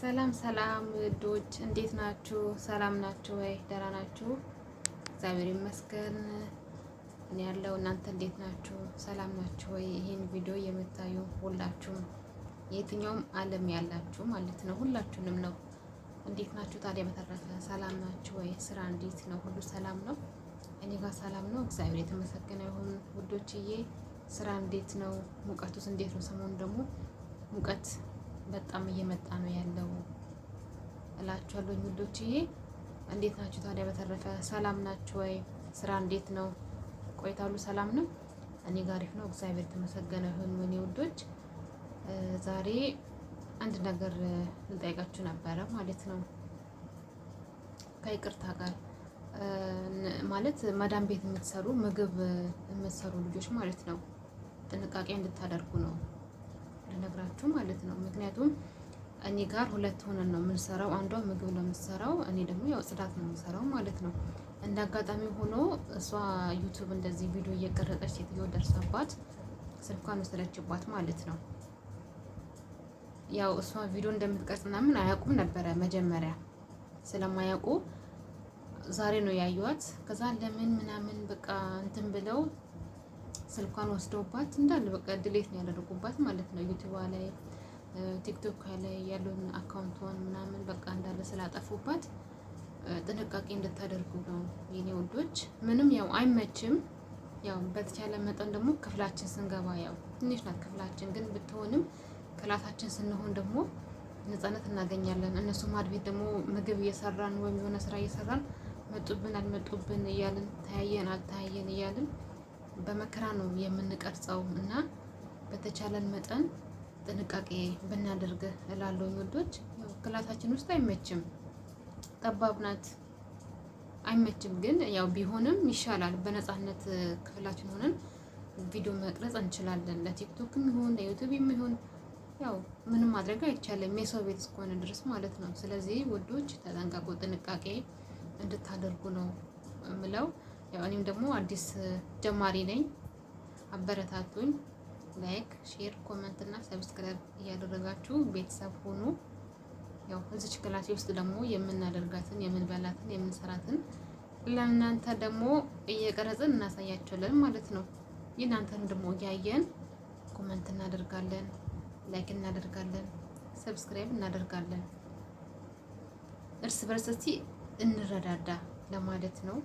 ሰላም ሰላም ውዶች እንዴት ናችሁ? ሰላም ናችሁ ወይ? ደህና ናችሁ? እግዚአብሔር ይመስገን እኔ ያለው። እናንተ እንዴት ናችሁ? ሰላም ናችሁ ወይ? ይህን ቪዲዮ የምታዩ ሁላችሁም የትኛውም ዓለም ያላችሁ ማለት ነው ሁላችሁንም ነው። እንዴት ናችሁ ታዲያ? በተረፈ ሰላም ናችሁ ወይ? ስራ እንዴት ነው? ሁሉ ሰላም ነው? እኔ ጋር ሰላም ነው። እግዚአብሔር የተመሰገነ ይሁን ውዶችዬ። ስራ እንዴት ነው? ሙቀቱስ እንዴት ነው? ሰሞኑን ደግሞ ሙቀት በጣም እየመጣ ነው ያለው እላችኋለሁ ውዶችዬ። እንዴት ናችሁ ታዲያ? በተረፈ ሰላም ናችሁ ወይ? ስራ እንዴት ነው? ቆይታ ሁሉ ሰላም ነው? እኔ ጋር አሪፍ ነው፣ እግዚአብሔር የተመሰገነ ይሁን። እኔ ውዶች ዛሬ አንድ ነገር ልጠይቃችሁ ነበረ ማለት ነው ከይቅርታ ጋር ማለት መዳን ቤት የምትሰሩ ምግብ የምትሰሩ ልጆች ማለት ነው ጥንቃቄ እንድታደርጉ ነው ልነግራችሁ ማለት ነው። ምክንያቱም እኔ ጋር ሁለት ሆነን ነው የምንሰራው። አንዷ ምግብ ነው የምትሰራው፣ እኔ ደግሞ ያው ጽዳት ነው የምሰራው ማለት ነው። እንደ አጋጣሚ ሆኖ እሷ ዩቱብ እንደዚህ ቪዲዮ እየቀረጠች ሴትዮ ደርሳባት ስልኳን ወሰደችባት ማለት ነው። ያው እሷ ቪዲዮ እንደምትቀርጽ ምናምን አያውቁም ነበረ መጀመሪያ ስለማያውቁ ዛሬ ነው ያዩዋት። ከዛ ለምን ምናምን በቃ እንትን ብለው ስልኳን ወስደውባት እንዳለ በቃ ድሌት ነው ያደረጉባት ማለት ነው። ዩቲዩብ ላይ ቲክቶክ ላይ ያለውን አካውንቷን ምናምን በቃ እንዳለ ስላጠፉባት ጥንቃቄ እንድታደርጉ ነው የኔ ውዶች። ምንም ያው አይመችም። ያው በተቻለ መጠን ደግሞ ክፍላችን ስንገባ ያው ትንሽ ናት ክፍላችን፣ ግን ብትሆንም ክላሳችን ስንሆን ደግሞ ነፃነት እናገኛለን። እነሱ ማድቤት ደግሞ ምግብ እየሰራን ወይም የሆነ ስራ እየሰራን መጡብን አልመጡብን እያልን ተያየን አልተያየን እያልን በመከራ ነው የምንቀርጸው እና በተቻለን መጠን ጥንቃቄ ብናደርግ እላሉ ወዶች ክላሳችን ውስጥ አይመችም፣ ጠባብ ናት፣ አይመችም። ግን ያው ቢሆንም ይሻላል። በነፃነት ክፍላችን ሆነን ቪዲዮ መቅረጽ እንችላለን። ለቲክቶክም ይሁን ለዩቱብ ይሁን ያው ምንም ማድረግ አይቻልም የሰው ቤት እስከሆነ ድረስ ማለት ነው። ስለዚህ ውዶች ተጠንቀቁ፣ ጥንቃቄ እንድታደርጉ ነው ምለው። ያው እኔም ደግሞ አዲስ ጀማሪ ነኝ። አበረታቱኝ። ላይክ፣ ሼር፣ ኮመንት እና ሰብስክራይብ እያደረጋችሁ ቤተሰብ ሆኑ። ያው እዚች ክላሴ ውስጥ ደግሞ የምናደርጋትን የምንበላትን፣ የምንሰራትን ለእናንተ ደግሞ እየቀረጽን እናሳያቸዋለን ማለት ነው። የእናንተን ደግሞ እያየን ኮመንት እናደርጋለን፣ ላይክ እናደርጋለን፣ ሰብስክራይብ እናደርጋለን። እርስ በርስ እስቲ እንረዳዳ ለማለት ነው።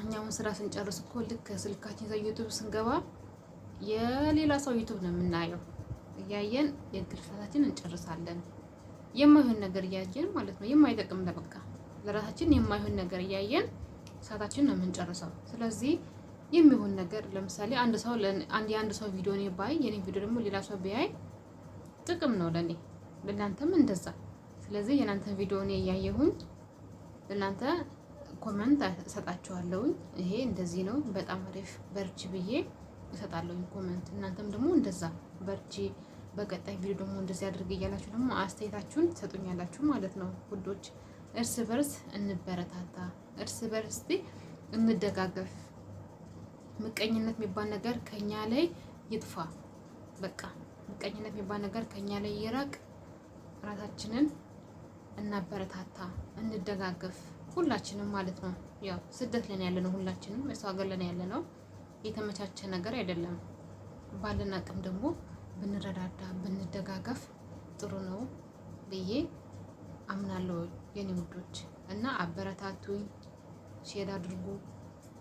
እኛውን ስራ ስንጨርስ እኮ ልክ ከስልካችን ይዘው ዩቱብ ስንገባ የሌላ ሰው ዩቱብ ነው የምናየው። እያየን የግል ሰዓታችን እንጨርሳለን። የማይሆን ነገር እያየን ማለት ነው። የማይጠቅም በቃ ለራሳችን የማይሆን ነገር እያየን ሰዓታችን ነው የምንጨርሰው። ስለዚህ የሚሆን ነገር ለምሳሌ አንድ ሰው አንድ የአንድ ሰው ቪዲዮ እኔ ባይ የኔ ቪዲዮ ደግሞ ሌላ ሰው ቢያይ ጥቅም ነው ለኔ፣ ለእናንተም እንደዛ። ስለዚህ የእናንተ ቪዲዮ እኔ እያየሁኝ ለእናንተ ኮመንት እሰጣችኋለሁኝ። ይሄ እንደዚህ ነው፣ በጣም አሪፍ በርቺ ብዬ እሰጣለሁኝ ኮመንት። እናንተም ደግሞ እንደዛ በርቺ፣ በቀጣይ ቪዲዮ ደግሞ እንደዚህ አድርግ እያላችሁ ደግሞ አስተያየታችሁን ትሰጡኛላችሁ ማለት ነው ውዶች። እርስ በርስ እንበረታታ፣ እርስ በርስ እንደጋገፍ። ምቀኝነት የሚባል ነገር ከኛ ላይ ይጥፋ። በቃ ምቀኝነት የሚባል ነገር ከኛ ላይ ይራቅ። ራሳችንን እናበረታታ፣ እንደጋገፍ ሁላችንም ማለት ነው ያው ስደት ለን ያለ ነው። ሁላችንም እሱ ሀገር ለን ያለ ነው። የተመቻቸ ነገር አይደለም። ባለን አቅም ደግሞ ብንረዳዳ ብንደጋገፍ ጥሩ ነው ብዬ አምናለሁ የኔ ውዶች። እና አበረታቱኝ፣ ሼር አድርጉ፣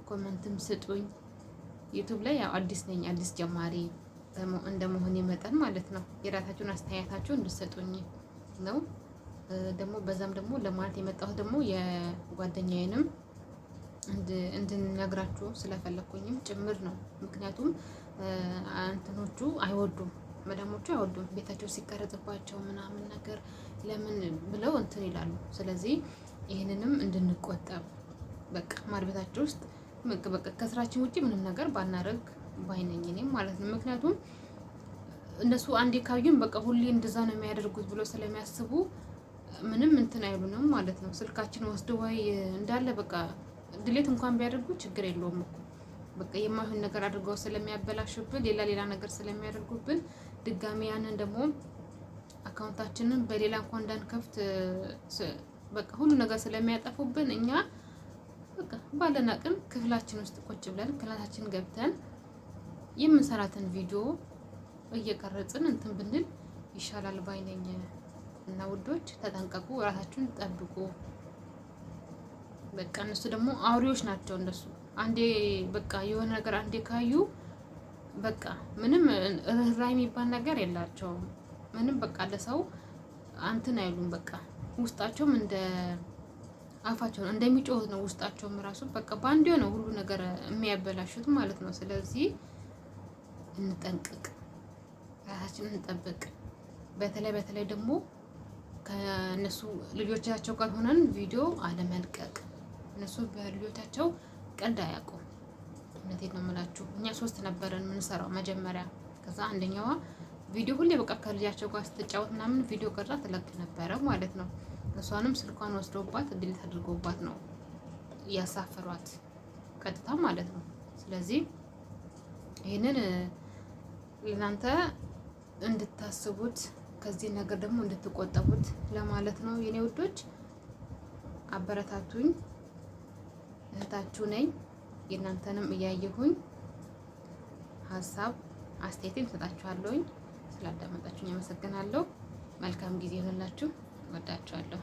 ኮመንትም ስጡኝ። ዩቱብ ላይ ያው አዲስ ነኝ አዲስ ጀማሪ እንደመሆኔ መጠን ማለት ነው የራሳችሁን አስተያየታችሁ እንድሰጡኝ ነው። ደግሞ በዛም ደግሞ ለማለት የመጣሁት ደግሞ የጓደኛዬንም እንድንነግራችሁ ስለፈለኩኝም ጭምር ነው። ምክንያቱም እንትኖቹ አይወዱም መዳሞቹ አይወዱም ቤታቸው ሲቀረጽባቸው ምናምን ነገር ለምን ብለው እንትን ይላሉ። ስለዚህ ይህንንም እንድንቆጠብ በቃ ማር ቤታቸው ውስጥ በቃ ከስራችን ውጭ ምንም ነገር ባናረግ ባይነኝ እኔም ማለት ነው። ምክንያቱም እነሱ አንዴ ካዩን በቃ ሁሌ እንደዛ ነው የሚያደርጉት ብሎ ስለሚያስቡ ምንም እንትን አይሉንም ማለት ነው። ስልካችን ወስዶ ወይ እንዳለ በቃ ድሌት እንኳን ቢያደርጉ ችግር የለውም እኮ በቃ የማይሆን ነገር አድርገው ስለሚያበላሹብን ሌላ ሌላ ነገር ስለሚያደርጉብን ድጋሚ ያንን ደግሞ አካውንታችንን በሌላ እንኳን እንዳንከፍት በቃ ሁሉ ነገር ስለሚያጠፉብን እኛ በቃ ባለን አቅም ክፍላችን ውስጥ ቁጭ ብለን ክላሳችን ገብተን የምንሰራትን ቪዲዮ እየቀረጽን እንትን ብንል ይሻላል ባይነኝ። እና ውዶች ተጠንቀቁ፣ ራሳችሁን ጠብቁ። በቃ እነሱ ደግሞ አውሬዎች ናቸው። እነሱ አንዴ በቃ የሆነ ነገር አንዴ ካዩ በቃ ምንም ርህራሄ የሚባል ነገር የላቸውም። ምንም በቃ ለሰው አንትን አይሉም። በቃ ውስጣቸውም እንደ አፋቸው ነው እንደሚጮህ ነው። ውስጣቸውም ራሱ በቃ በአንድ የሆነ ሁሉ ነገር የሚያበላሹት ማለት ነው። ስለዚህ እንጠንቅቅ፣ ራሳችን እንጠብቅ። በተለይ በተለይ ደግሞ ከእነሱ ልጆቻቸው ጋር ሆነን ቪዲዮ አለመልቀቅ። እነሱ በልጆቻቸው ቀልድ አያውቁም። እውነቴን ነው የምላችሁ። እኛ ሶስት ነበረን የምንሰራው መጀመሪያ። ከዛ አንደኛዋ ቪዲዮ ሁሌ በቃ ከልጃቸው ጋር ስትጫወት ምናምን ቪዲዮ ቀርጻ ትለቅ ነበረ ማለት ነው። እሷንም ስልኳን ወስዶባት ድሊት አድርጎባት ነው እያሳፈሯት ቀጥታ ማለት ነው። ስለዚህ ይህንን ለእናንተ እንድታስቡት ከዚህ ነገር ደግሞ እንድትቆጠቡት ለማለት ነው የኔ ውዶች። አበረታቱኝ፣ እህታችሁ ነኝ። የእናንተንም እያየሁኝ ሀሳብ አስተያየቴን እሰጣችኋለሁኝ። ስላዳመጣችሁኝ አመሰግናለሁ። መልካም ጊዜ ይሆንላችሁ። ወዳችኋለሁ።